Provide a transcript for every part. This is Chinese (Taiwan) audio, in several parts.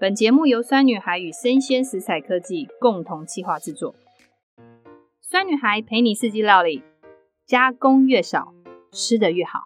本節目由酸女孩與聲鮮時采科技共同企劃製作，酸女孩陪你四季料理，加工越少，吃得越好。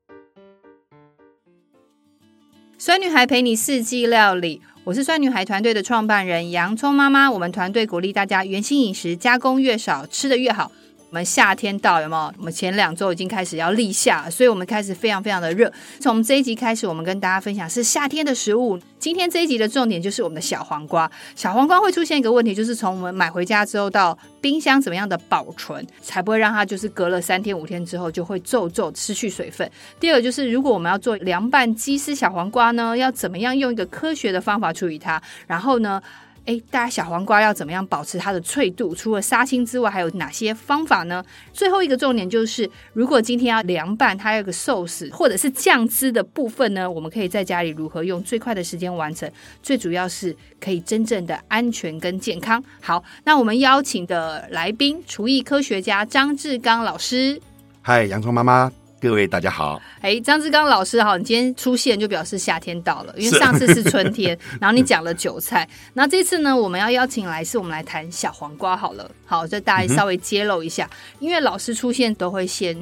酸女孩陪你四季料理，我是酸女孩團隊的創辦人洋蔥媽媽，我們團隊鼓勵大家原型飲食，加工越少，吃得越好。我們夏天到有沒有？我們前兩周已經開始要立夏了，所以我們開始非常非常的熱。從這一集開始，我們跟大家分享是夏天的食物。今天這一集的重點就是我們的小黃瓜。小黃瓜會出現一個問題，就是從我們買回家之後到冰箱怎麼樣的保存，才不會讓它就是隔了三天五天之後就會皺皺、失去水分。第二個就是，如果我們要做涼拌雞絲小黃瓜呢，要怎麼樣用一個科學的方法處理它？然後呢？哎，大家小黃瓜要怎麼樣保持它的脆度？除了殺青之外，還有哪些方法呢？最後一個重點就是，如果今天要涼拌，它有個壽司或者是醬汁的部分呢，我們可以在家裡如何用最快的時間完成？最主要是可以真正的安全跟健康。好，那我們邀請的來賓，廚藝科學家章致綱老師。嗨，洋蔥媽媽。各位大家好，哎，章致綱老師好，你今天出現就表示夏天到了，因為上次是春天，是然後你講了韭菜，那 這次呢，我們要邀請來，是我們來談小黃瓜好了，好，就大家稍微揭露一下，嗯、哼因為老師出現都會先。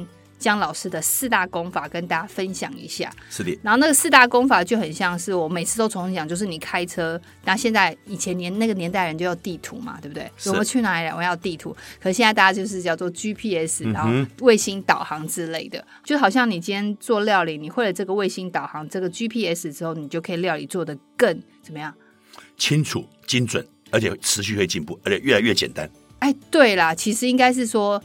章老師的四大功法跟大家分享一下，是的。然後那個四大功法就很像是我每次都重新講，就是你開車，那現在以前年那個年代人就要地圖嘛，對不對？我們是去哪裡，我要地圖。可是現在大家就是叫做 GPS，然後衛星導航之類的，嗯、哼就好像你今天做料理，你會了這個衛星導航，這個 GPS 之後，你就可以料理做得更怎麼樣？清楚、精準，而且持續會進步，而且越來越簡單。哎，對啦，其實應該是說。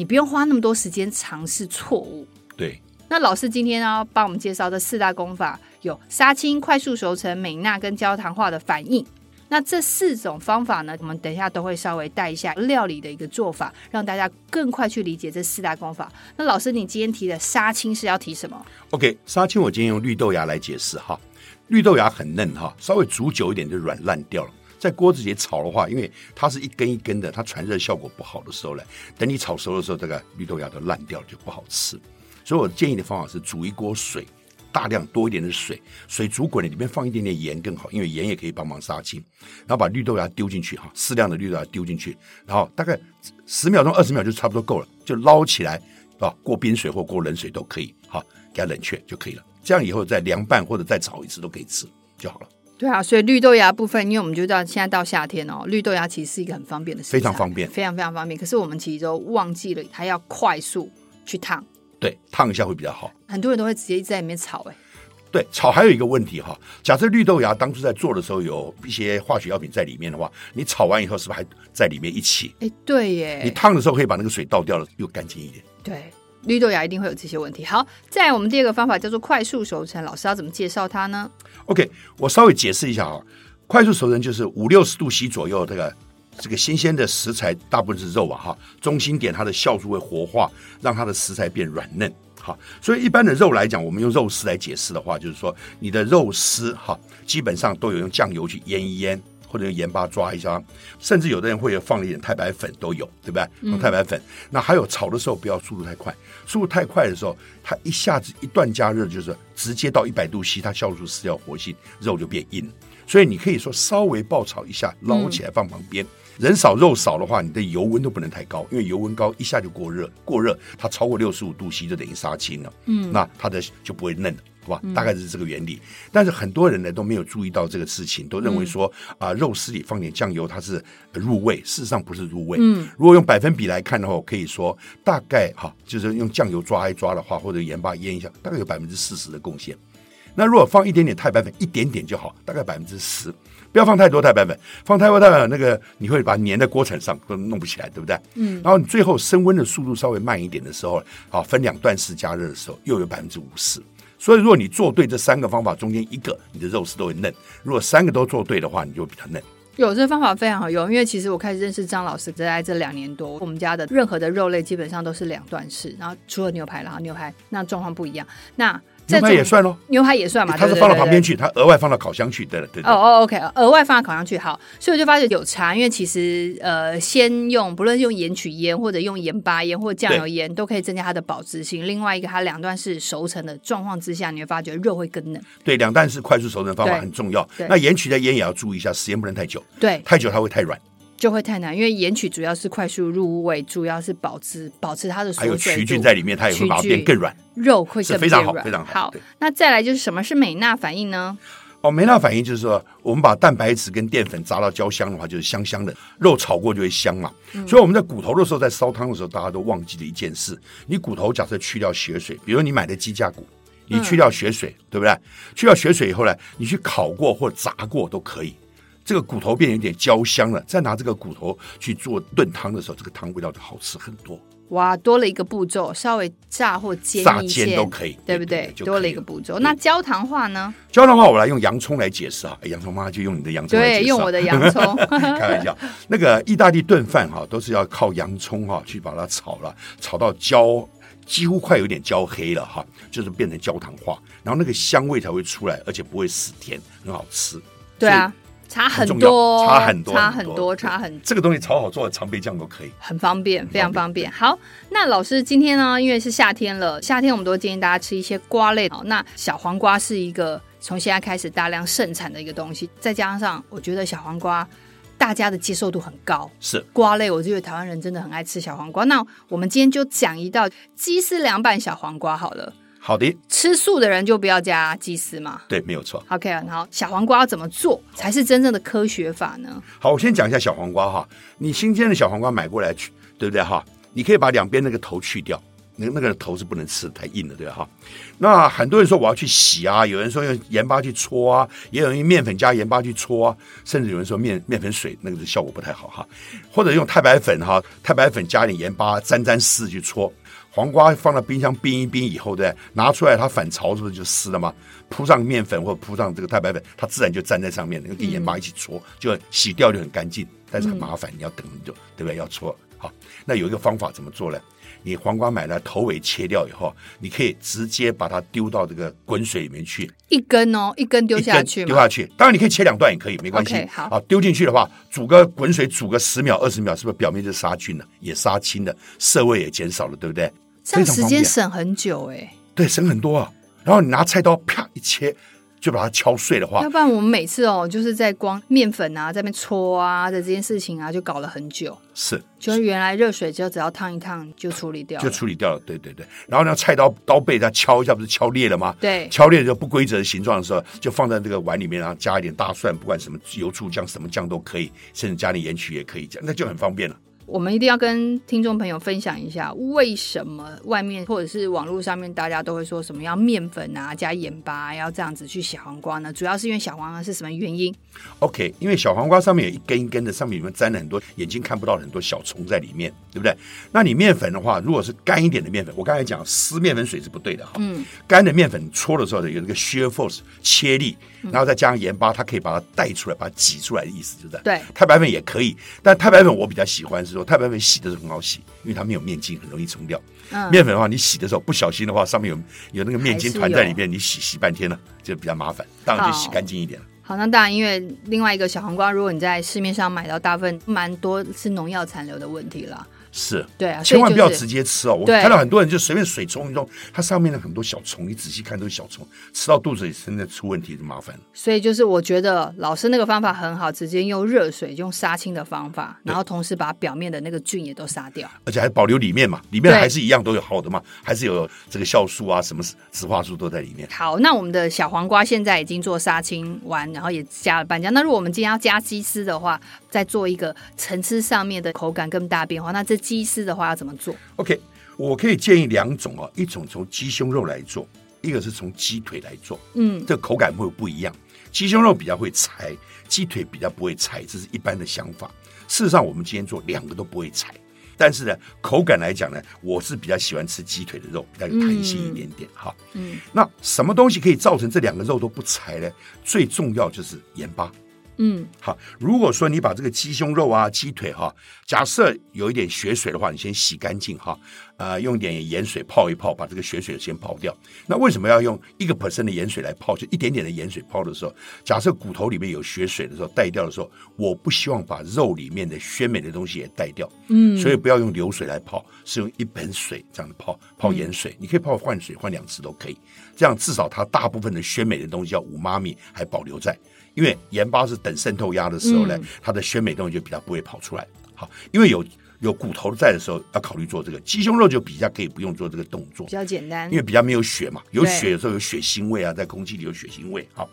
你不用花那麼多時間嘗試錯誤。對，那老師今天呢，幫我們介紹的四大功法有殺青、快速熟成、梅納跟焦糖化的反應。那這四種方法呢，我們等一下都會稍微帶一下料理的一個做法，讓大家更快去理解這四大功法。那老師，你今天提的殺青是要提什麼？OK，殺青我今天用綠豆芽來解釋哈，綠豆芽很嫩哈，稍微煮久一點就軟爛掉了。在鍋子裡也炒的話，因為它是一根一根的，它傳熱效果不好的時候呢，等你炒熟的時候，這個綠豆芽都爛掉了，就不好吃。所以我建議的方法是煮一鍋水，大量多一點的水，水煮滾了，裡面放一點點鹽更好，因為鹽也可以幫忙殺青。然後把綠豆芽丟進去哈，適量的綠豆芽丟進去，然後大概十秒鐘、二十秒就差不多夠了，就撈起來啊，過冰水或過冷水都可以，好，給它冷卻就可以了。這樣以後再涼拌或者再炒一次都可以吃就好了。對啊，所以綠豆芽部分，因為我們就知道現在到夏天哦，綠豆芽其實是一個很方便的食材，非常方便，非常非常方便。可是我們其實都忘記了它要快速去燙。對，燙一下會比較好。很多人都會直接在裡面炒哎。對，炒還有一個問題哈。假設綠豆芽當初在做的時候有一些化學藥品在裡面的話，你炒完以後是不是還在裡面一起？哎，對耶。你燙的時候可以把那個水倒掉了，又乾淨一點。對，綠豆芽一定會有這些問題。好，再來我們第二個方法叫做快速熟成，老師要怎麼介紹它呢？OK，我稍微解釋一下哈，快速熟成就是五六十度 C 左右、這個，這個這個新鮮的食材，大部分是肉啊哈，中心點它的酵素會活化，讓它的食材變軟嫩哈。所以一般的肉來講，我們用肉絲來解釋的話，就是說你的肉絲哈，基本上都有用醬油去醃一醃。或者用鹽巴抓一下，甚至有的人會放一點太白粉都有，對不對？用太白粉。嗯、那還有炒的時候不要速度太快，速度太快的時候，它一下子一段加熱就是直接到一百度 C，它酵素失掉活性，肉就變硬了。所以你可以說稍微爆炒一下，撈起來放旁邊。嗯、人少肉少的話，你的油溫都不能太高，因為油溫高一下就過熱，過熱它超過六十五度 C 就等於殺青了。嗯，那它的就不會嫩了。大概是這個原理，但是很多人呢都沒有注意到這個事情，都認為說啊，肉絲裡放點醬油它是入味，事實上不是入味。嗯，如果用百分比來看的話，我可以說大概哈、啊，就是用醬油抓一抓的話，或者鹽巴醃一下，大概有百分之四十的貢獻。那如果放一點點太白粉，一點點就好，大概百分之十，不要放太多太白粉，放太多太白粉那個你會把它粘在鍋鏟上，都弄不起來，對不對？嗯，然後你最後升溫的速度稍微慢一點的時候，啊，分兩段式加熱的時候，又有百分之五十。所以，如果你做對這三個方法中間一個，你的肉絲都會嫩；如果三個都做對的話，你就比較嫩。有這個、方法非常好用，因為其實我開始認識章老師在這兩年多，我們家的任何的肉類基本上都是兩段式，然後除了牛排，然後牛排那狀況不一樣。那那也算嘍，牛排也算嘛。欸、它是放到旁邊去，對對對對，它額外放到烤箱去，對對對。哦哦、oh，OK，額外放到烤箱去，好。所以我就發覺有差，因為其實呃，先用不論是用鹽曲醃或者用鹽巴醃或醬油醃，對都可以增加它的保質性。另外一個，它兩段式熟成的狀況之下，你會發覺肉會更嫩。對，兩段式快速熟成的方法對很重要。對那鹽曲的醃也要注意一下，時間不能太久，對，太久它會太軟。就會太難，因為鹽曲主要是快速入味，主要是保持保持它的水。還有曲菌在裡面，它也會把它變更軟，肉會是非常好非常好。好對那再來就是什麼是梅納反應呢？哦，梅納反應就是說，我們把蛋白質跟澱粉炸到焦香的話，就是香香的肉炒過就會香嘛。嗯、所以我們在骨頭的時候，在燒湯的時候，大家都忘記了一件事：你骨頭假設去掉血水，比如你買的雞架骨，你去掉血水，對不對？嗯、去掉血水以後呢，你去烤過或炸過都可以。這個骨頭變有點焦香了，再拿這個骨頭去做燉湯的時候，這個湯味道就好吃很多。哇，多了一個步驟，稍微炸或煎炸、煎都可以，對不對？對對就可以了，多了一個步驟。對那焦糖化呢？焦糖化，我來用洋蔥來解釋啊。洋蔥媽媽就用你的洋蔥、啊，對，用我的洋蔥， 開玩笑。 那個意大利燉飯哈、啊，都是要靠洋蔥哈、啊、去把它炒了，炒到焦，幾乎快有點焦黑了哈、啊，就是變成焦糖化，然後那個香味才會出來，而且不會死甜，很好吃。對啊。差很多很，差很多，差很多，對差很多。這個東西超好做的，常備醬都可以，很方便，方便非常方便。對 好，那老師今天呢，因為是夏天了，夏天我們都建議大家吃一些瓜類。好，那小黃瓜是一個從現在開始大量盛產的一個東西，再加上我覺得小黃瓜大家的接受度很高，是瓜類，我就覺得台灣人真的很愛吃小黃瓜。那我們今天就講一道雞絲涼拌小黃瓜好了。好的，吃素的人就不要加雞絲嘛。對，沒有錯。OK，然後小黃瓜要怎麼做才是真正的科學法呢？好，我先講一下小黃瓜哈。你新鮮的小黃瓜買過來去，對不對哈？你可以把兩邊那個頭去掉，那那個頭是不能吃的，太硬了，對吧哈？那很多人說我要去洗啊，有人說用鹽巴去搓啊，也有人用麵粉加鹽巴去搓啊，甚至有人說麵麵粉水那個效果不太好哈，或者用太白粉哈，太白粉加點鹽巴沾沾濕去搓。黃瓜放到冰箱冰一冰以後，對，拿出來它反潮是不是就濕了嗎？鋪上麵粉或者鋪上這個太白粉，它自然就粘在上面，那個跟鹽巴一起搓，嗯、就洗掉就很乾淨，但是很麻煩，你要等你就、就，嗯、對不對？要搓。好，那有一個方法怎麼做呢？你黃瓜買了頭尾切掉以後，你可以直接把它丟到這個滾水裡面去，一根哦，一根丟下去，丟下去。當然，你可以切兩段也可以，沒關係。Okay, 好，啊，丟進去的話，煮個滾水，煮個十秒、二十秒，是不是表面就殺菌了，也殺青了，澀味也減少了，對不對？這樣時間省很久誒、欸。對，省很多啊。然後你拿菜刀啪一切。就把它敲碎的話，要不然我們每次哦、喔，就是在光麵粉啊，在那邊搓啊的這件事情啊，就搞了很久。是，就是原來熱水就只要燙一燙就處理掉了，就處理掉了。對對對，然後那菜刀刀背它敲一下，不是敲裂了嗎？對，敲裂就不規則的形狀的時候，就放在這個碗裡面、啊，然後加一點大蒜，不管什麼油醋醬，什麼醬都可以，甚至加點鹽麴也可以，這樣。那就很方便了。我們一定要跟聽眾朋友分享一下，為什麼外面或者是網絡上面大家都會說什麼要面粉啊，加鹽巴啊，要這樣子去洗黃瓜呢？主要是因為小黃瓜是什麼原因？OK，因為小黃瓜上面有一根一根的，上面裡面沾了很多眼睛看不到很多小蟲在裡面，對不對？那你面粉的話，如果是乾一點的麵粉，我剛才講濕面粉水是不對的哈。嗯、乾的麵粉搓的時候有那個 shear force 切力，然後再加上鹽巴，嗯、它可以把它帶出來，把它擠出來的意思就是。對不對？太對白粉也可以，但太白粉我比較喜歡是。太白粉洗的時候很好洗，因為它沒有麵筋，很容易沖掉。嗯，麵粉的話，你洗的時候不小心的話，上面有有那個麵筋團在裡面，你洗洗半天了，就比較麻煩，當然就洗乾淨一點了。好，那當然，因為另外一個小黃瓜，如果你在市面上買到大份，蠻多是農藥殘留的問題了。是，對啊就是，千萬不要直接吃哦！我看到很多人就隨便水衝一衝，對它上面的很多小蟲，你仔細看都是小蟲，吃到肚子裡真的出問題就麻煩了。所以就是我覺得老師那個方法很好，直接用熱水用殺青的方法，然後同時把表面的那個菌也都殺掉，而且還保留裡面嘛，裡面還是一樣都有好的嘛，對還是有這個酵素啊，什麼植化素都在裡面。好，那我們的小黃瓜現在已經做殺青完，然後也加了半價。那如果我們今天要加雞絲的話，再做一個層次上面的口感更大變化，那這。雞絲的話要怎麼做？OK，我可以建議兩種哦、啊，一種從雞胸肉來做，一個是從雞腿來做。嗯，這個口感會不一樣。雞胸肉比較會柴，雞腿比較不會柴，這是一般的想法。事實上，我們今天做兩個都不會柴，但是呢，口感來講呢，我是比較喜歡吃雞腿的肉，比較彈性一點點、嗯、哈。嗯，那什麼東西可以造成這兩個肉都不柴呢？最重要就是鹽巴。嗯，好。如果說你把這個雞胸肉啊、雞腿哈、啊，假設有一點血水的話，你先洗乾淨哈，啊，呃、用點鹽水泡一泡，把這個血水先泡掉。那為什麼要用一個 percent 的鹽水來泡？就一點點的鹽水泡的時候，假設骨頭裡面有血水的時候帶掉的時候，我不希望把肉裡面的鮮美的東西也帶掉。嗯，所以不要用流水來泡，是用一盆水這樣子泡泡鹽水。嗯、你可以泡換水換兩次都可以，這樣至少它大部分的鮮美的東西，要五媽咪還保留在。因為鹽巴是等滲透壓的時候呢，它的鮮美東西就比較不會跑出來。好，因為有有骨頭在的時候，要考慮做這個雞胸肉就比較可以不用做這個動作，比較簡單，因為比較沒有血嘛，有血的時候有血腥味啊，在空氣裡有血腥味。好，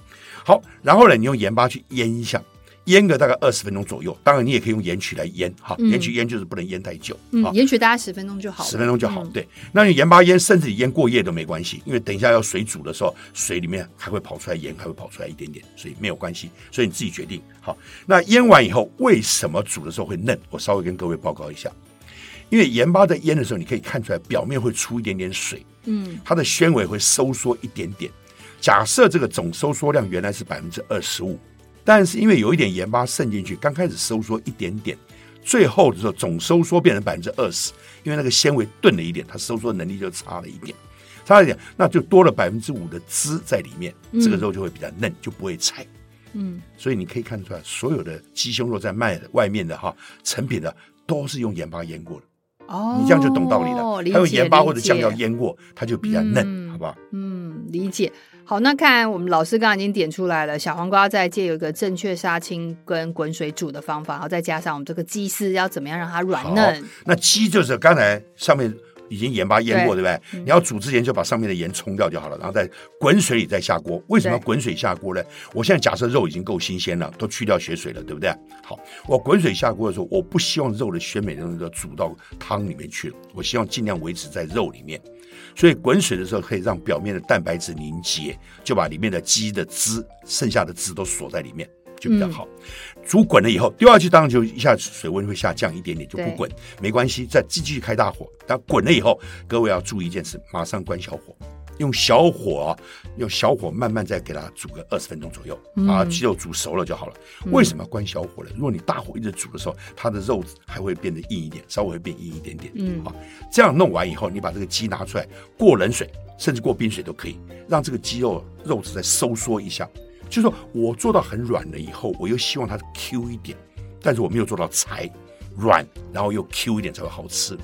好，然後呢，你用鹽巴去醃一下。醃個大概二十分鐘左右，當然你也可以用鹽曲來醃哈，嗯，鹽曲醃就是不能醃太久啊，嗯，哦，鹽曲大概十分鐘就好了，十分鐘就好，嗯，對，那你鹽巴醃甚至你醃過夜都沒關係，因為等一下要水煮的時候，水裡面還會跑出來鹽，還會跑出來一點點，所以沒有關係。所以你自己決定好。那醃完以後為什麼煮的時候會嫩？我稍微跟各位報告一下，因為鹽巴在醃的時候，你可以看出來表面會出一點點水，嗯，它的纖維會收縮一點點。假設這個總收縮量原來是百分之二十五。但是因為有一點鹽巴滲進去，剛開始收縮一點點，最後的時候總收縮變成百分之二十，因為那個纖維鈍了一點，它收縮能力就差了一點，差了一點那就多了百分之五的汁在裡面，這個肉就會比較嫩，嗯、就不會柴。嗯，所以你可以看出來，所有的雞胸肉在賣的外面的哈成品的都是用鹽巴醃過的。哦，oh, 你這樣就懂道理了。還有鹽巴或者醬料醃過，理解，它就比較嫩，嗯、好不好？嗯，理解。好，那看我們老師剛剛已經點出來了，小黃瓜要再借有一個正確殺青跟滾水煮的方法，然後再加上我們這個雞絲要怎麼樣讓它軟嫩？那雞就是剛才上面。已經鹽巴醃過，對，對不對？你要煮之前就把上面的鹽沖掉就好了，嗯、然後再滾水裡再下鍋。為什麼要滾水下鍋呢？對我現在假設肉已經夠新鮮了，都去掉血水了，對不對？好，我滾水下鍋的時候，我不希望肉的鮮美的東西都煮到湯裡面去了，我希望盡量維持在肉裡面。所以滾水的時候可以讓表面的蛋白質凝結，就把裡面的雞的汁、剩下的汁都鎖在裡面。就比較好，嗯、煮滾了以後丟下去，當然就一下子水溫會下降一點點，就不滾對 沒關係，再繼續開大火。但滾了以後，各位要注意一件事：馬上關小火，用小火，啊，用小火慢慢再給它煮個二十分鐘左右，把雞肉煮熟了就好了。嗯、為什麼要關小火呢？如果你大火一直煮的時候，它的肉質還會變得硬一點，稍微變硬一點點。嗯，好，啊，這樣弄完以後，你把這個雞拿出來過冷水，甚至過冰水都可以，讓這個雞肉肉質再收縮一下。就是說我做到很軟了以後，我又希望它 Q 一點，但是我沒有做到柴軟，然後又 Q 一點才會好吃。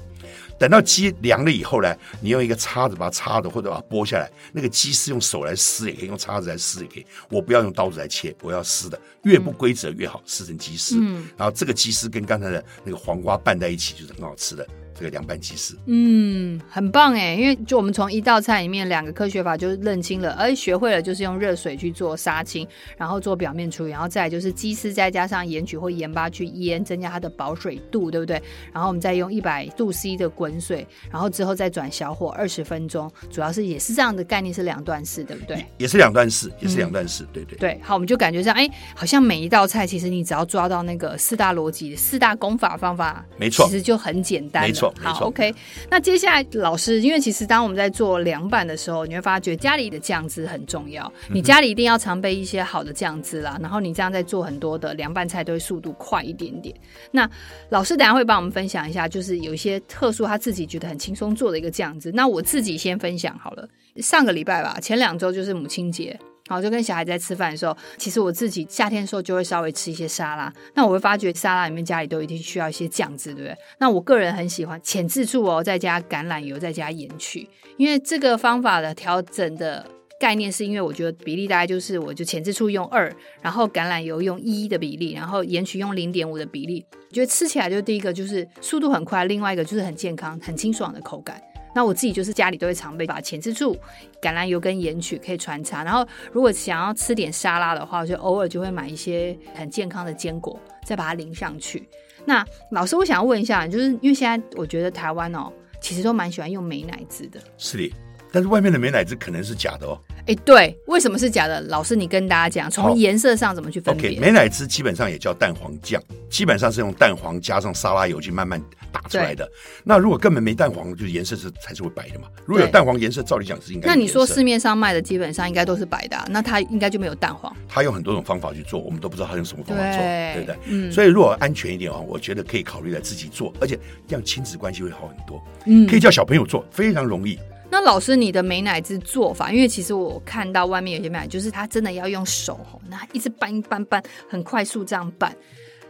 等到雞涼了以後呢，你用一個叉子把它叉着，或者把它剝下來，那個雞絲用手來撕也可以，用叉子來撕也可以。我不要用刀子來切，我要撕的，越不規則越好，撕成雞絲。嗯，然後這個雞絲跟剛才的那個黃瓜拌在一起，就是很好吃的。這個涼拌雞絲，嗯，很棒哎！因為就我們從一道菜裡面兩個科學法就認清了，哎，學會了，就是用熱水去做殺青，然後做表面處理，然後再就是雞絲再加上鹽曲或鹽巴去醃，增加它的保水度，對不對？然後我們再用一百度 C 的滾水，然後之後再轉小火二十分鐘，主要是也是這樣的概念，是兩段式，對不對？也是兩段式，也是兩段式，對對、嗯、對。好，我們就感覺上，哎，好像每一道菜其實你只要抓到那個四大邏輯、四大功法方法，沒錯，其實就很簡單了。沒錯好，沒錯，OK。那接下來老師，因為其實當我們在做涼拌的時候，你會發覺家裡的醬汁很重要。你家裡一定要常備一些好的醬汁啦，嗯哼，然後你這樣在做很多的涼拌菜，都會速度快一點點。那老師等下會幫我們分享一下，就是有一些特殊他自己覺得很輕鬆做的一個醬汁。那我自己先分享好了，上個禮拜吧，前兩周就是母親節。好，就跟小孩在吃飯的時候，其實我自己夏天的時候就會稍微吃一些沙拉。那我會發覺沙拉裡面家裡都一定需要一些醬汁，對不對？那我個人很喜歡淺汁醋哦，再加橄欖油，再加鹽麴。因為這個方法的調整的概念，是因為我覺得比例大概就是我就淺汁醋用二，然後橄欖油用一的比例，然後鹽麴用零點五的比例。我覺得吃起來就第一個就是速度很快，另外一個就是很健康、很清爽的口感。那我自己就是家裡都會常備，把前置住，橄欖油跟鹽曲可以穿插。然後如果想要吃點沙拉的話，就偶爾就會買一些很健康的堅果，再把它淋上去。那老師，我想要問一下，就是因為現在我覺得台灣哦、喔，其實都蠻喜歡用美乃滋的，是的。但是外面的美乃滋可能是假的哦、喔。哎、欸，對，為什麼是假的？老師，你跟大家講，從顏色上怎麼去分辨？Okay, 美乃滋基本上也叫蛋黃醬，基本上是用蛋黃加上沙拉油去慢慢。對出來的。那如果根本沒蛋黃，就是顏色是才是會白的嘛。如果有蛋黃，顏色對照理講是應該。那你說市面上賣的基本上應該都是白的，啊，那它應該就沒有蛋黃。他用很多種方法去做，我們都不知道他用什麼方法做，對，對不對？嗯、所以如果安全一點哦，我覺得可以考慮來自己做，而且這樣親子關係會好很多。嗯，可以叫小朋友做，非常容易。那老師，你的美乃滋做法，因為其實我看到外面有些賣，就是他真的要用手那一直搬，一搬，很快速這樣拌。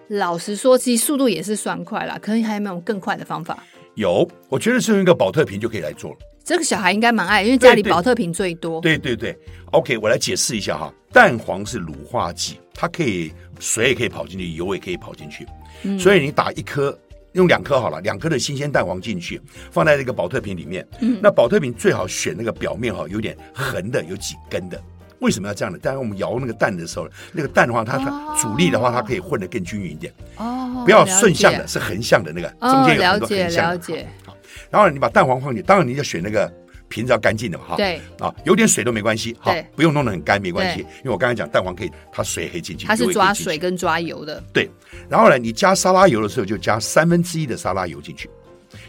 老實說，其實速度也是算快啦。可是還有沒有更快的方法？有，我覺得是用一個保特瓶就可以來做了。這個小孩應該蠻愛，因為家裡保特瓶最多。對對，對對對，OK，我來解釋一下哈。蛋黃是乳化劑，它可以水也可以跑進去，油也可以跑進去。嗯、所以你打一顆，用兩顆好了，兩顆的新鮮蛋黃進去，放在這個保特瓶裡面。嗯、那保特瓶最好選那個表面哈有點橫的、有幾根的。為什麼要這樣呢？待會，我們搖那個蛋的時候，那個蛋黃它它阻力的話，哦、它可以混得更均勻一點。哦，不要順向的，是橫向的那個，哦、中間有很多橫向。了解，了解好。好，然後你把蛋黃放進去，當然你就選那個瓶子要乾淨的嘛，哈。對。啊，有點水都沒關係，哈對，不用弄得很乾沒關係，對因為我剛才講蛋黃可以它水,它水可以進去，它是抓水跟抓油的。對。然後呢，你加沙拉油的時候就加三分之一的沙拉油進去，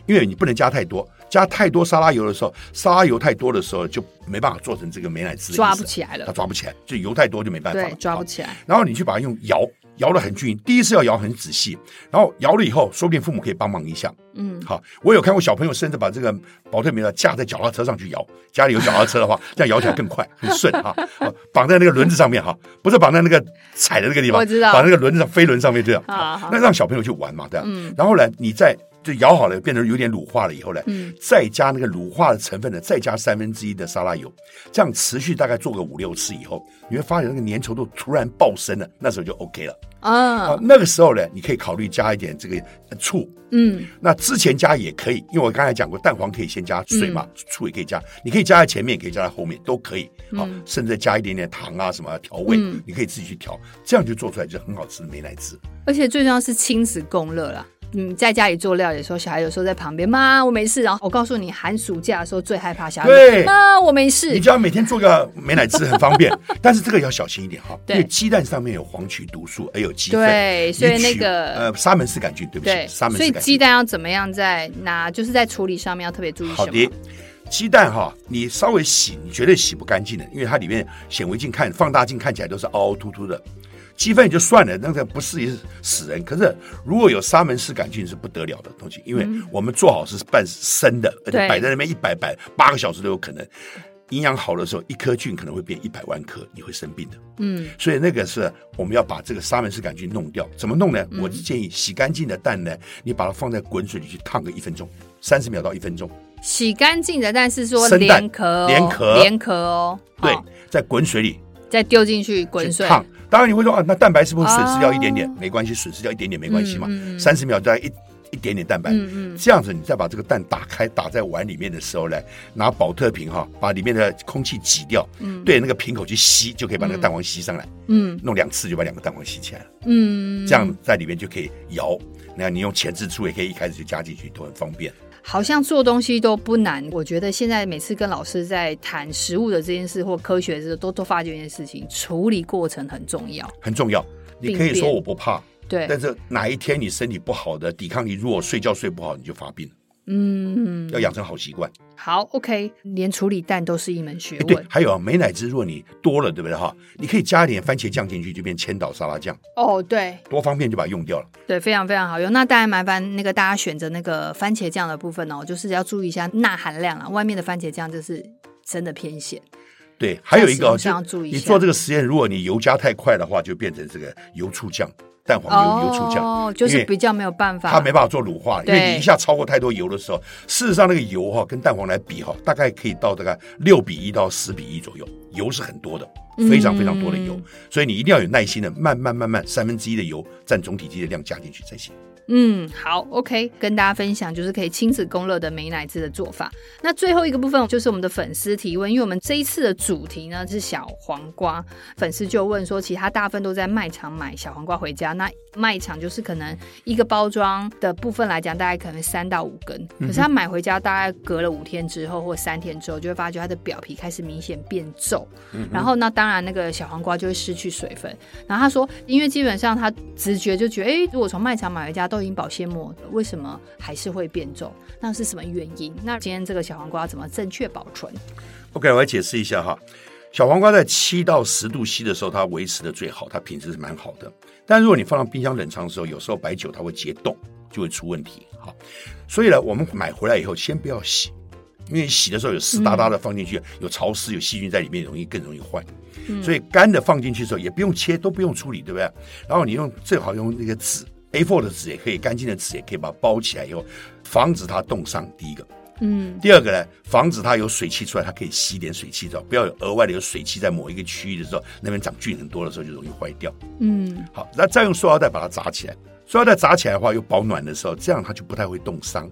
因為你不能加太多。加太多沙拉油的時候，沙拉油太多的時候就沒辦法做成這個美乃滋。抓不起來了。它抓不起來，就油太多就沒辦法了，對，抓不起來，啊。然後你去把它用搖，搖得很均勻，第一次要搖很仔細。然後搖了以後，說不定父母可以幫忙一下。嗯，好、啊，我有看過小朋友甚至把這個保特瓶架在腳踏車上去搖，家裡有腳踏車的話， 這樣搖起來更快、更順哈，啊啊。綁在那個輪子上面哈， 不是綁在那個踩的那個地方，綁在那個輪子上，飛輪上面這樣，啊啊。那讓小朋友去玩嘛，這樣，啊。嗯、然後呢，你再。就搖好了，變成有點乳化了以後呢，再加那個乳化的成分呢，再加三分之一的沙拉油，這樣持續大概做個五六次以後，你會發現那個粘稠度突然暴升了，那時候就 OK 了啊。那個時候呢，你可以考慮加一點這個醋，嗯，那之前加也可以，因為我剛才講過，蛋黃可以先加水嘛，嗯、醋也可以加，你可以加在前面，可以加在後面，都可以。好，甚至加一點點糖啊什麼調味，你可以自己去調，這樣就做出來就很好吃的美乃滋。而且最重要是親子共樂了。你、嗯、在家裡做料理的時候，小孩有時候在旁邊，媽，我沒事。然後我告訴你，寒暑假的時候最害怕小孩，媽對我沒事。你就要每天做個美乃滋，很方便。 但是這個要小心一點哈， 因為雞蛋上面有黃曲毒素，還有雞，對，取所以那個呃沙門氏桿菌，對不起，對沙門氏桿菌。所以雞蛋要怎麼樣在拿，就是在處理上面要特別注意什麼？好的，雞蛋哈，你稍微洗，你絕對洗不乾淨的，因為它裡面顯微鏡看，放大鏡看起來都是凹凹凸凸的。雞糞也就算了，那個不是也是死人。可是如果有沙門氏桿菌是不得了的東西，因為我們做好是半生的，擺、嗯、在那邊一擺擺八個小時都有可能。營養好的時候，一顆菌可能會變一百萬顆，你會生病的。嗯，所以那個是我們要把這個沙門氏桿菌弄掉。怎麼弄呢？嗯、我建議洗乾淨的蛋呢，你把它放在滾水裡去燙個一分鐘，三十秒到一分鐘。洗乾淨的，蛋是說、哦、生殼、連殼、連殼哦。對，在滾水裡。再丟進去滾水，燙。當然你會說啊，那蛋白是不是損失掉一點點？Oh. 沒關係，損失掉一點點沒關係嘛。三十、mm hmm. 秒大概，再一一點點蛋白，mm hmm. 這樣子你再把這個蛋打開，打在碗裡面的時候，呢，拿保特瓶哈，把裡面的空氣擠掉，mm hmm. 對那個瓶口去吸，就可以把那個蛋黃吸上來。嗯、mm，hmm. 弄兩次就把兩個蛋黃吸起來。嗯、mm，hmm. 這樣在裡面就可以搖。那你用前置處也可以，一開始就加進去都很方便。好像做東西都不難，我覺得現在每次跟老師在談食物的這件事或科學的時候，都都發覺一件事情，處理過程很重要，很重要。變你可以說我不怕，對，但是哪一天你身體不好的，抵抗力弱，睡覺睡不好，你就發病了。嗯，嗯，要養成好習慣。好，OK，連處理蛋都是一門學問。欸、對，還有啊，美乃滋，如果你多了，對不對哈？你可以加一點番茄醬進去，就變千島沙拉醬。哦，oh, 對,多方便就把它用掉了。對，非常非常好用。那當然，麻煩那個大家選擇那個番茄醬的部分哦，就是要注意一下鈉含量啊，外面的番茄醬就是真的偏鹹。對，還有一個，你做這個實驗，如果你油加太快的話，就變成這個油醋醬，蛋黃油油醋醬，哦，就是比較沒有辦法，它沒辦法做乳化，因為你一下超過太多油的時候，事實上那個油哈跟蛋黃來比哈，大概可以到大概六比一到十比一左右，油是很多的，非常非常多的油，所以你一定要有耐心的，慢慢慢慢，三分之一的油佔總體積的量加進去才行。嗯，好，OK，跟大家分享，就是可以親子共樂的美乃滋的做法。那最後一個部分就是我們的粉絲提問。因為我們這一次的主題呢是小黃瓜，粉絲就問說，其他大部分都在賣場買小黃瓜回家，那賣場就是可能一個包裝的部分來講，大概可能三到五根，嗯、哼可是他買回家大概隔了五天之後或三天之後，就會發覺他的表皮開始明顯變皺，嗯、哼然後那當然那個小黃瓜就會失去水分。然後他說，因為基本上他直覺就覺得，哎、欸，如果從賣場買回家。都用保鮮膜，為什麼還是會變重？那是什麼原因？那今天這個小黃瓜要怎麼正確保存？OK，我來解釋一下哈。小黃瓜在七到十度 C 的時候，它維持的最好，它品質是蠻好的。但如果你放到冰箱冷藏的時候，有時候白酒它會結凍，就會出問題。好，所以呢，我們買回來以後先不要洗，因為洗的時候有濕噠噠的放進去，嗯、有潮濕，有細菌在裡面，容易更容易壞。嗯、所以乾的放進去的時候也不用切，都不用處理，對不對？然後你用最好用那個紙。A4 的紙也可以，乾淨的紙也可以，把它包起來以後，防止它凍傷。第一個，嗯，第二個呢，防止它有水汽出來，它可以吸點水汽之後，不要有額外的有水汽在某一個區域的時候，那邊長菌很多的時候就容易壞掉。嗯，好，那再用塑料袋把它扎起來，塑料袋扎起來的話又保暖的時候，這樣它就不太會凍傷。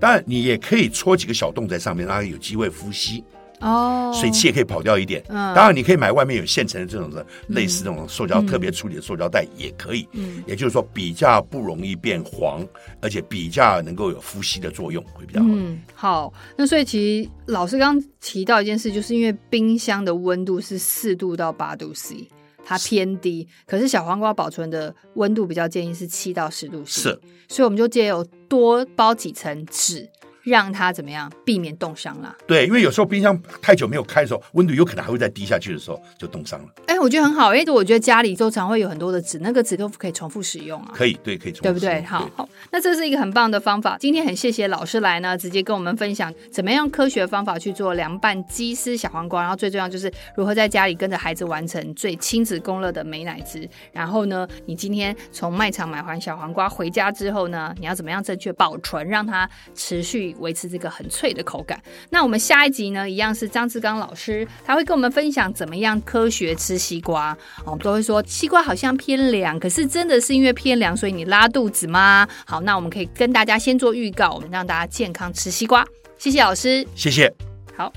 但你也可以戳幾個小洞在上面，讓它有機會呼吸。哦，水汽、oh, 也可以跑掉一點。嗯，當然你可以買外面有現成的這種的，類似這種塑膠特別處理的塑膠袋也可以。嗯，嗯也就是說比較不容易變黃，而且比較能夠有呼吸的作用，會比較好、嗯。好，那所以其實老師剛剛提到一件事，就是因為冰箱的溫度是四度到八度 C，它偏低，是可是小黃瓜保存的溫度比較建議是七到十度 C，是，所以我們就藉由多包幾層紙。讓它怎麼樣避免凍傷了？對，因為有時候冰箱太久沒有開的時候，溫度有可能還會再低下去的時候就凍傷了。哎、欸，我覺得很好，哎、欸，我覺得家裡都常會有很多的紙，那個紙都可以重複使用啊。可以，對，可以重複使用。對不對？對。好，好，那這是一個很棒的方法。今天很謝謝老師來呢，直接跟我們分享怎麼樣用科學的方法去做涼拌雞絲小黃瓜，然後最重要就是如何在家裡跟着孩子完成最親子共樂的美乃滋。然後呢，你今天從賣場買完小黃瓜回家之後呢，你要怎麼樣正確保存，讓它持續，維持這個很脆的口感。那我們下一集呢，一樣是章致綱老師，他會跟我們分享怎麼樣科學吃西瓜。哦，我們都會說西瓜好像偏涼，可是真的是因為偏涼，所以你拉肚子嗎？好，那我們可以跟大家先做預告，我們讓大家健康吃西瓜。謝謝老師，謝謝，好。